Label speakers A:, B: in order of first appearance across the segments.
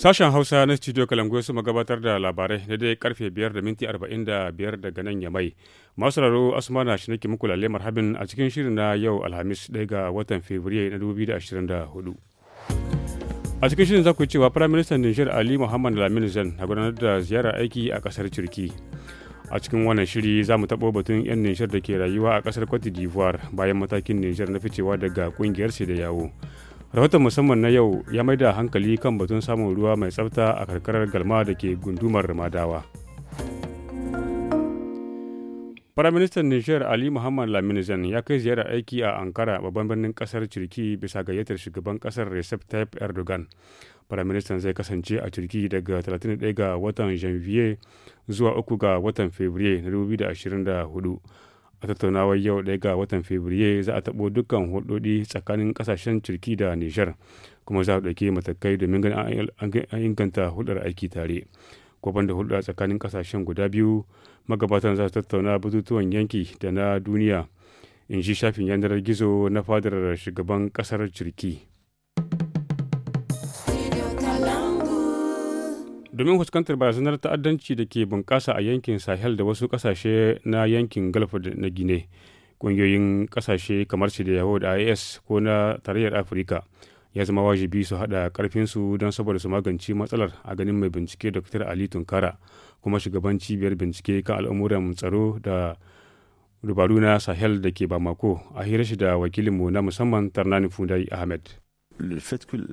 A: Sashen Hausa na Studio kalangu su magabatar da labarai na dai karfe 5 da minti 45 daga nan yamai. Masu raro Asmana shi nake muku lalle marhabin a cikin shirin na yau Alhamis ɗaya ga watan Fabrairu na 2024. A cikin shirin za ku cewa Firaministan Niger Ali Muhammad Lamin Zan na gudanar da ziyarar aiki a ƙasar Turki. a cikin wannan shiri za mu taɓo batun 'yan niger da ke rayuwa a ƙasar cote d'ivoire bayan matakin niger na ficewa daga ƙungiyar da yawo rahoton musamman na yau ya mai da hankali kan batun samun ruwa mai tsafta a karkarar galma da ke gundumar madawa firaministan nijar ali muhammad laminizan ya kai ziyarar aiki a ankara babban birnin kasar turki bisa gayyatar shugaban kasar recep tayyip erdogan firaministan zai kasance a turki daga 31 ga watan janvier zuwa 3 ga watan fevrier na 2024 a tattaunawar yau ɗaya ga watan fabriye za a taɓo dukkan hudodi tsakanin ƙasashen turki da nijar kuma za a ɗauki matakai domin ganin an inganta hulɗar aiki tare gwaban da hulɗa tsakanin ƙasashen guda biyu magabatan za su tattauna batutuwan yanki da na duniya in shafin yanar gizo na fadar shugaban ƙasar turki domin fuskantar barazanar ta'addanci da ke bunƙasa a yankin sahel da wasu ƙasashe na yankin gulf na gine ƙungiyoyin ƙasashe kamar su da yawo da is ko na tarayyar afirka ya zama wajibi su haɗa ƙarfinsu don saboda su magance matsalar a ganin mai bincike dr ali tunkara kuma shugaban cibiyar bincike kan al'amuran tsaro da dubaru na sahel da ke bamako a hira shi da wakilinmu na musamman tarnani fundai ahmed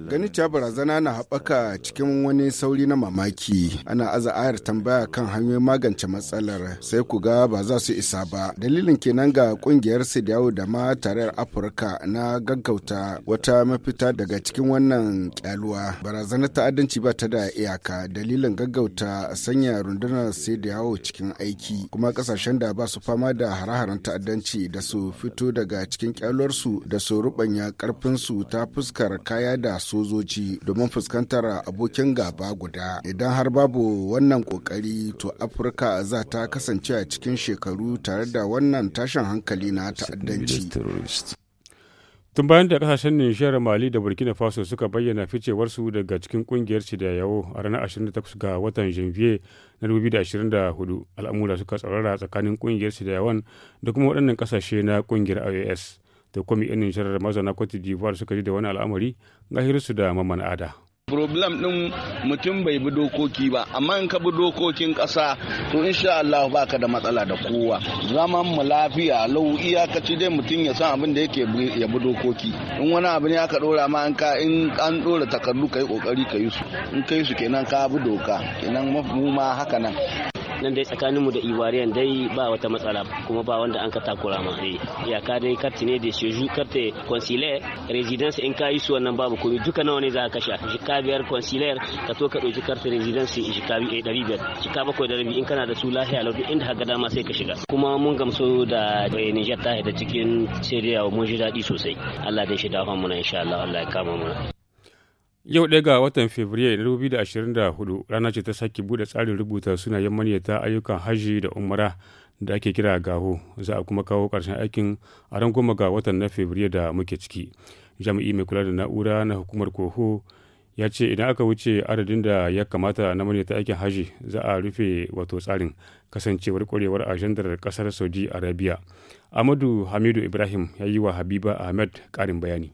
B: Ganin barazana na haɓaka cikin wani sauri na
A: mamaki
B: ana aza ayar tambaya kan hanyoyin magance matsalar sai ku ga ba za su isa ba. Dalilin kenan ga kungiyar Sidiyawu da ma tarayyar Afirka na gaggauta wata mafita daga cikin wannan kyaluwa. Barazanar ta'addanci ba ta da iyaka dalilin gaggauta sanya rundunar Sidiyawu cikin aiki kuma ƙasashen da ba su fama da hare-haren ta'addanci da su fito daga cikin kyaluwarsu da su rubanya karfinsu ta fuskar kaya da sojoji domin fuskantar abokin gaba guda. Idan har babu wannan kokari to Afirka za ta kasance a cikin shekaru tare da wannan tashin hankali na ta'addanci.
A: tun bayan da kasashen nijar mali da burkina faso suka bayyana ficewarsu daga cikin kungiyar da yawo a ranar 28 ga watan janvier na 2024 al'amura suka tsaurara tsakanin kungiyar cidayawan da kuma waɗannan kasashe na kungiyar ios da kwami yan nijar mazauna cote d'ivoire suka ji da wani al'amari gahirsu da mamman ada
B: problem ɗin mutum bai bi dokoki ba amma in ka bi dokokin ƙasa to insha Allah baka da matsala da kowa zaman mu lafiya lau iyakaci dai mutum ya san abin da yake ya bi dokoki in wani abu ne aka dora ma in ka in an dora takardu kai kokari ka yi su in kai su kenan ka bi doka kenan mu haka nan nan dai tsakanin mu da ibariyan dai ba wata matsala kuma ba wanda an ka takura ma dai eh, iyaka dai karti ne da sheju karte consulaire residence in ka yi su wannan babu komai duka nawa ne za ka kashe shika biyar consulaire ka to ka ɗauki karti residence shika eh, biyu eh, ɗari biyar shika bakwai da rabi in kana da su lafiya lau inda haka dama sai ka shiga kuma mun gamsu da Niger ta da cikin Syria mun ji dadi sosai Allah dai shi dafa mu na insha Allah Allah ya
A: kama mu Yau ɗaya ga watan Fabrairu hudu rana ce ta sake buɗe tsarin rubuta suna sunayen manyata ayyukan hajji da umara da ake kira gaho za a kuma kawo ƙarshen aikin a ran goma ga watan na Fabrairu da muke ciki. Jami'i mai kula da na'ura na hukumar Koho ya ce idan aka wuce adadin da ya kamata na manyata aikin hajji za a rufe wato tsarin kasancewar kwarewar ajandar ƙasar Saudi Arabia. Amadu Hamidu Ibrahim ya yi wa Habiba Ahmed ƙarin bayani.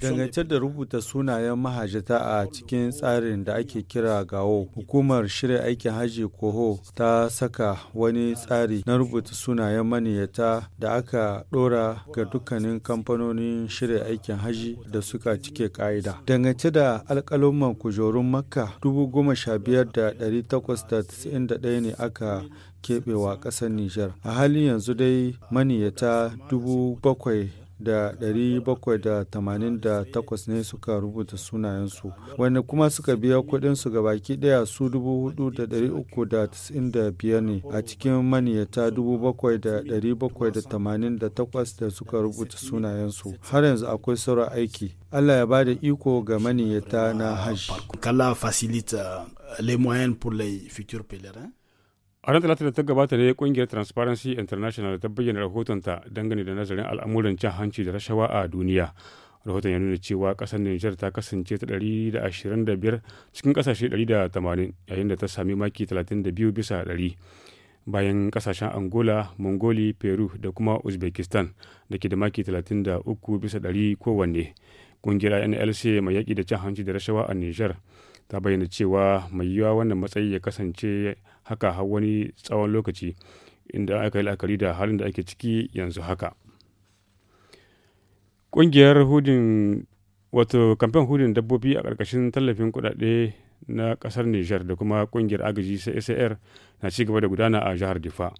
C: Dangance da rubuta sunayen mahajata a cikin tsarin da ake kira gawo, hukumar shirya aikin hajji koho ta saka wani tsari na rubuta sunayen maniyata da aka dora ga dukkanin kamfanonin shirya aikin haji da suka cike ka'ida. Dangance da alkaloman kujerun makka 15,891 ne aka keɓewa ƙasar Nijar. A halin yanzu dai maniyata 7,000 1,788 ne suka rubuta sunayensu wani kuma suka biya kuɗinsu ga baki ɗaya su 4,395 ne a cikin maniyata 7,788 da suka rubuta sunayensu har yanzu akwai sauran aiki Allah ya ba da iko ga maniyata na hajji. Kala facilite euh,
B: les moyens pour les futurs pèlerins.
A: a ran talata da ta gabata ne kungiyar transparency international ta bayyana rahotonta dangane da nazarin al'amuran cin hanci da rashawa a duniya rahoton ya nuna cewa kasar niger ta kasance ta biyar cikin kasashe 180 yayin da ta sami maki talatin da biyu bisa 100 bayan kasashen angola mongoli peru da kuma uzbekistan da ke da maki 33 bisa 100 kowanne kungiyar nlc mai yaƙi da cin hanci da rashawa a niger ta bayyana cewa mai yiwuwa wannan matsayi ya kasance haka har wani tsawon lokaci inda aka yi la'akari da halin da ake ciki yanzu haka ƙungiyar hudin wato kamfen hudin dabbobi a ƙarƙashin tallafin kuɗaɗe na ƙasar nijar da kuma ƙungiyar agaji csr na ci gaba da gudana a jihar difa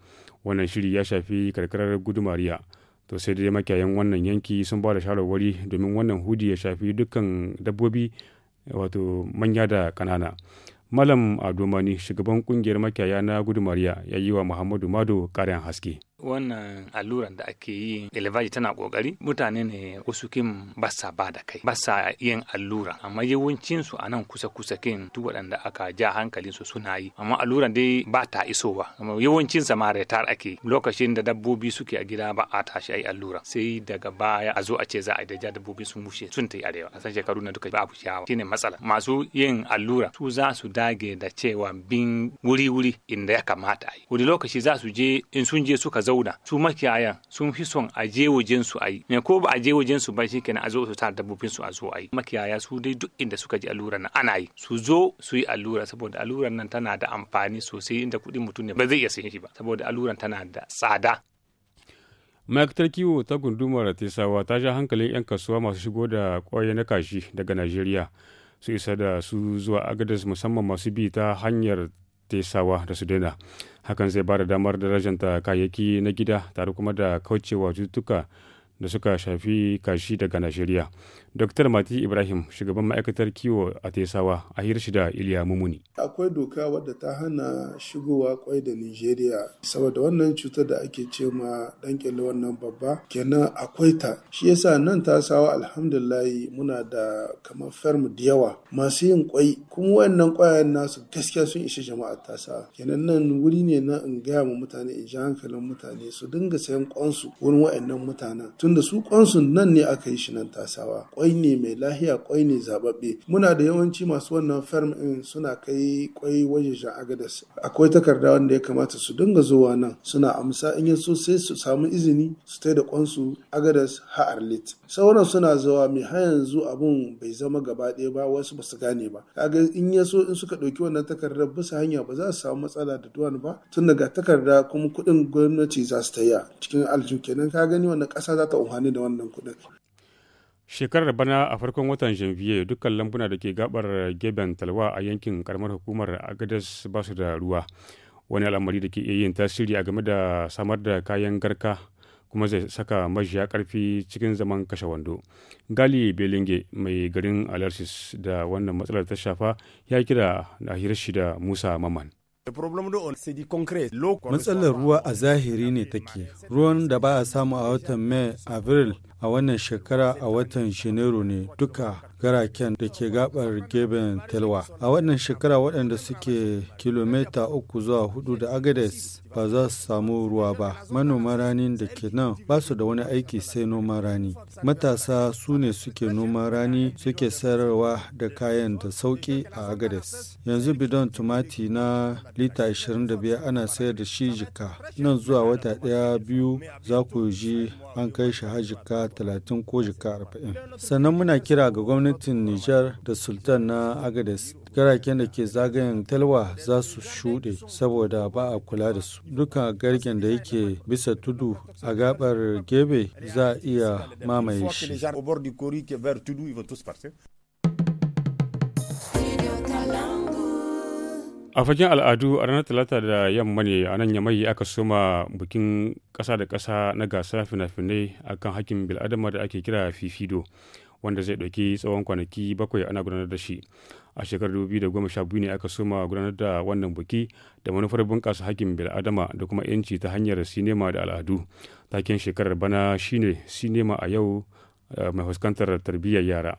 A: wannan shiri ya shafi karkarar gudumariya to sai dai makiyayan wannan yanki sun ba da shawarwari domin wannan hudi ya shafi dukkan dabbobi wato manya da ƙanana malam adomani shugaban kungiyar makiyaya na gudumariya ya yi wa muhammadu mado ƙarin haske wannan alluran da ake yi elevaji tana kokari mutane ne wasu kin basa ba da kai basa yin allura amma yawancin su anan kusa kusa kin duk waɗanda aka ja hankalin su suna yi amma alluran dai ba ta isowa amma yawancin sa ma retar ake lokacin da dabbobi suke a gida ba a tashi ai allura sai daga baya a zo a ce za a da dabbobi sun mushe sun ta yi arewa a san shekaru na duka babu ciyawa shine matsala masu yin allura su za su dage da cewa bin wuri wuri inda ya kamata a yi wani lokaci za su je in sun je suka zauna su makiyayan sun fi son a je wajen su ayi ne ko ba a je wajen su ba kenan a zo su ta dabbobin su a zo ayi makiyaya su dai duk inda suka ji allura nan ana yi su zo su yi allura saboda alluran nan tana da amfani sosai inda kuɗin mutum ne ba zai iya sayen shi ba saboda alluran tana da tsada ma'aikatar kiwo ta gundumar tesawa ta sha hankalin 'yan kasuwa masu shigo da kwaye na kashi daga najeriya su isa da su zuwa agadas musamman masu bi ta hanyar tesawa da su daina hakan zai ba da damar darajanta kayayyaki na gida tare kuma da kaucewa cututtuka da suka shafi kashi daga najeriya Dr. Mati Ibrahim, shugaban ma'aikatar kiwo a Tesawa, a hirshi da Iliya Mumuni.
B: Akwai doka wadda ta hana shigowa kwai da Nigeria saboda wannan cutar da ake ce ma dan wannan babba kenan akwai ta. Shi yasa nan ta sawa alhamdulillah muna da kamar ferm da yawa masu yin kwai kuma wayannan kwayan nasu gaskiya sun isa jama'a ta sa. Kenan nan wuri ne na in gaya ma mutane in ji hankalin mutane su dinga sayan kwansu wurin wayannan mutanen tunda su kwansu nan ne aka yi shi nan Tasawa. kwai ne mai lahiya kwai ne zababbe muna da yawanci masu wannan firm din suna kai kwai wajejen agadas akwai takarda wanda ya kamata su dinga zuwa nan suna amsa in yaso sai su samu izini su tai da kwansu agadas ha arlit sauran suna zuwa mai har yanzu abun bai zama gaba ɗaya ba wasu ba su gane ba kaga in yaso in suka ɗauki wannan takardar bisa hanya ba za su samu matsala da duwan ba tun daga takarda kuma kuɗin gwamnati za su a cikin aljihu kenan ka gani wannan ƙasa za ta umhani da wannan kuɗin
A: shekarar bana a farkon watan janvier dukkan lambuna da ke gabar geben talwa a yankin karamar hukumar agadas ba su da ruwa wani al'amari da ke iya yin tasiri a game da samar da kayan garka kuma zai saka majiya karfi cikin zaman kashe wando gali belinge mai garin alarsis da wannan matsalar ta shafa ya kira da shi da musa maman
C: Matsalar ruwa a zahiri ne take. Ruwan da ba a samu a watan Mai, Abril a wannan shekara a watan Janairu ne duka garaken da ke gabar geben telwa a wannan shekara waɗanda suke kilomita uku zuwa hudu da agades ba za su samu ruwa ba manoma ranin da ke nan ba su da wani aiki sai noman rani matasa su ne suke noman rani suke sayarwa da kayan da sauki a agades yanzu bidon tumati na lita 25 ana sayar da shi jika nan zuwa wata ɗaya biyu za ku ji an kai shi hajjika 30 ko jika 40 sannan muna kira ga gwamnati gwamnatin Nijar da Sultan na Agades garaken da ke zagayen talwa za su shuɗe saboda ba a kula da su duka gargen da yake bisa tudu a gabar gebe za a iya mamaye shi
A: a fagen al'adu a ranar talata da yamma ne a nan yamai aka soma bikin ƙasa da kasa na gasa fina-finai a kan hakkin bil'adama da ake kira fifido wanda zai ɗauki tsawon kwanaki bakwai ana gudanar da shi a shekarar 2012 ne aka soma gudanar da wannan buki da manufar bunƙasa hakkin bil'adama da kuma 'yanci ta hanyar sinema da al'adu taken shekarar bana shine sinema a yau eh, mai fuskantar tarbiyyar yara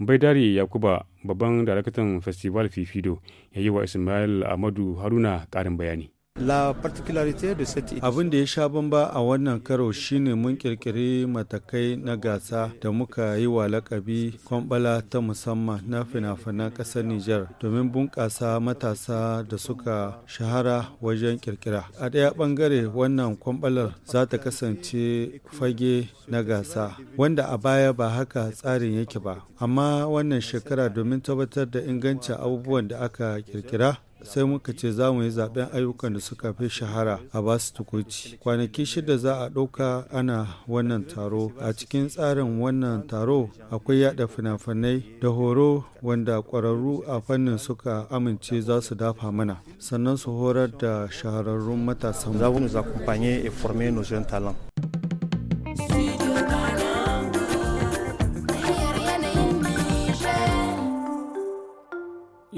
A: baidari yakuba babban daraktan festival fifido ya yi wa ismail amadu haruna ƙarin bayani
C: Abin da ya sha bamba a wannan karo shine mun kirkiri matakai na gasa da muka yi wa lakabi kwambala ta musamman na fina-finan ƙasar Nijar domin bunƙasa matasa da suka shahara wajen kirkira. A ɗaya ɓangare wannan kwambalar za ta kasance fage na gasa wanda a baya ba haka tsarin yake ba. Amma wannan shekara domin tabbatar da ingancin abubuwan da aka kirkira sai muka ce za mu yi zaben ayyukan da suka fi shahara a basu tukuci kwanaki shida za a ɗauka ana wannan taro a cikin tsarin wannan taro akwai yada fina-finai da horo wanda ƙwararru a fannin suka amince za su dafa mana sannan su horar da shahararrun matasan. Za mu za et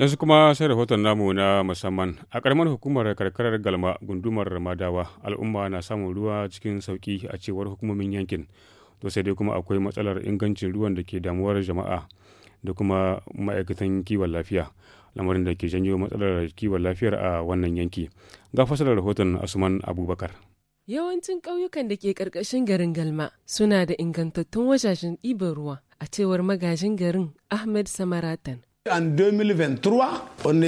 A: Yanzu kuma sai rahoton namu na musamman a ƙaramar hukumar karkarar Galma gundumar Madawa al'umma na samun ruwa cikin sauki a cewar hukumomin yankin. To sai dai kuma akwai matsalar ingancin ruwan da ke damuwar jama'a da kuma ma'aikatan kiwon lafiya lamarin da ke janyo matsalar kiwon lafiyar a wannan yanki. Ga fasalar rahoton Asuman Abubakar.
D: Yawancin ƙauyukan da ke ƙarƙashin garin Galma suna da ingantattun wajajen ɗiban ruwa a cewar magajin garin Ahmed Samaratan.
C: 2023,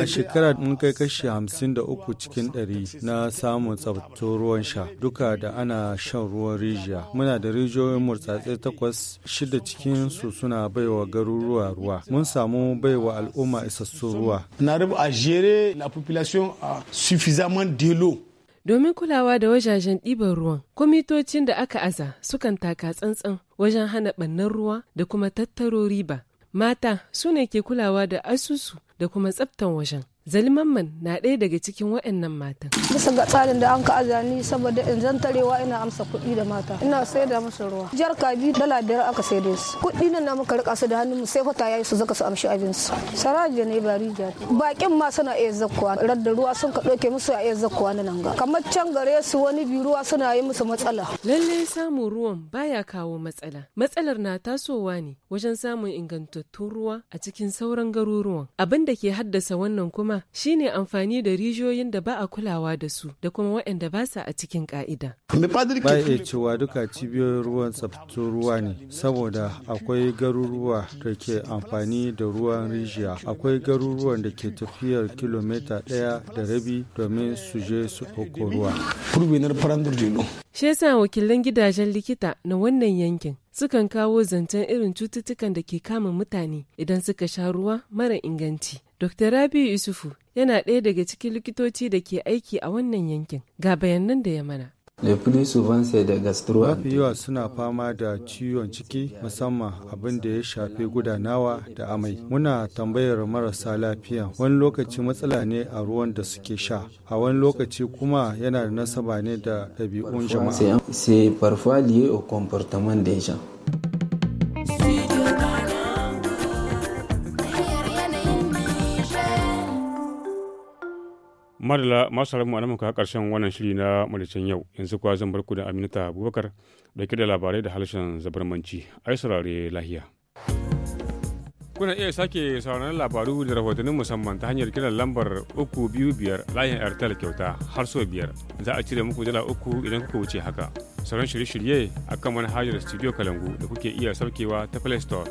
C: a shekarar mun kai kashi 53 cikin 100 na samun tsabtu ruwan sha duka da ana shan ruwan rijiya. Muna da rijiyoyin murtsatse takwas shida cikin su suna baiwa garuruwa ruwa. Mun samu baiwa al'umma isassun ruwa. Na rubu a jere
B: la population a suffisamment de
D: Domin kulawa da wajajen ɗiban ruwan, kwamitocin da aka aza sukan taka tsantsan wajen hana ɓannan ruwa da kuma tattaro riba. Mata su ne ke kulawa da asusu da kuma tsaftan wajen. Zalimamman na ɗaya daga cikin waɗannan matan.
A: Bisa ga tsarin da an ka azani saboda in zantarewa ina amsa kuɗi da mata. Ina sai da musu ruwa. Jar kabi dala biyar aka sai da su. Kuɗi nan na muka rika su da hannu mu sai fata yayi su zaka su amshi abin su. Saraje ne ba rija. Bakin ma suna iya
D: zakkuwa. Radda ruwa sun ka ɗauke musu a iya zakkuwa na nan ga. Kamar can gare su wani biyu, ruwa suna yi musu matsala. Lallai samun ruwan baya kawo matsala. Matsalar na tasowa ne wajen samun ingantattun ruwa a cikin sauran garuruwan. Abin da ke haddasa wannan kuma dama shine amfani da rijiyoyin da ba a kulawa da su da kuma waɗanda ba sa a cikin ka'ida. Ba iya
C: cewa duka cibiyoyin ruwan tsabtun ruwa ne saboda akwai garuruwa da ke amfani da ruwan rijiya akwai garuruwan da ke tafiyar kilomita ɗaya da rabi domin su je su ɗauko ruwa.
D: Shesa wakilan gidajen likita na wannan yankin sukan kawo zancen irin cututtukan da ke kama mutane idan suka sha ruwa mara inganci Dr. Rabiu Yusufu yana ɗaya daga cikin likitoci da ke aiki a wannan yankin ga bayanan da ya mana. mafi
C: yawa suna fama da ciwon ciki musamman abin da ya shafi gudanawa da amai muna tambayar marasa lafiya wani lokaci matsala ne a ruwan da suke sha a wani lokaci kuma yana da nasaba ne da ɗabi'un jama'a
A: madala masu haramu a muka karshen wannan shiri na malicin yau yanzu kuwa zan bar ku da aminata abubakar dauke da labarai da harshen zabarmanci ai saurare lahiya kuna iya sake sauraron labaru da rahotannin musamman ta hanyar kiran lambar 325 layin airtel kyauta har so biyar za a cire muku dala uku idan kuka wuce haka sauran shirye-shirye a kan manhajar studio kalangu da kuke iya saukewa ta play store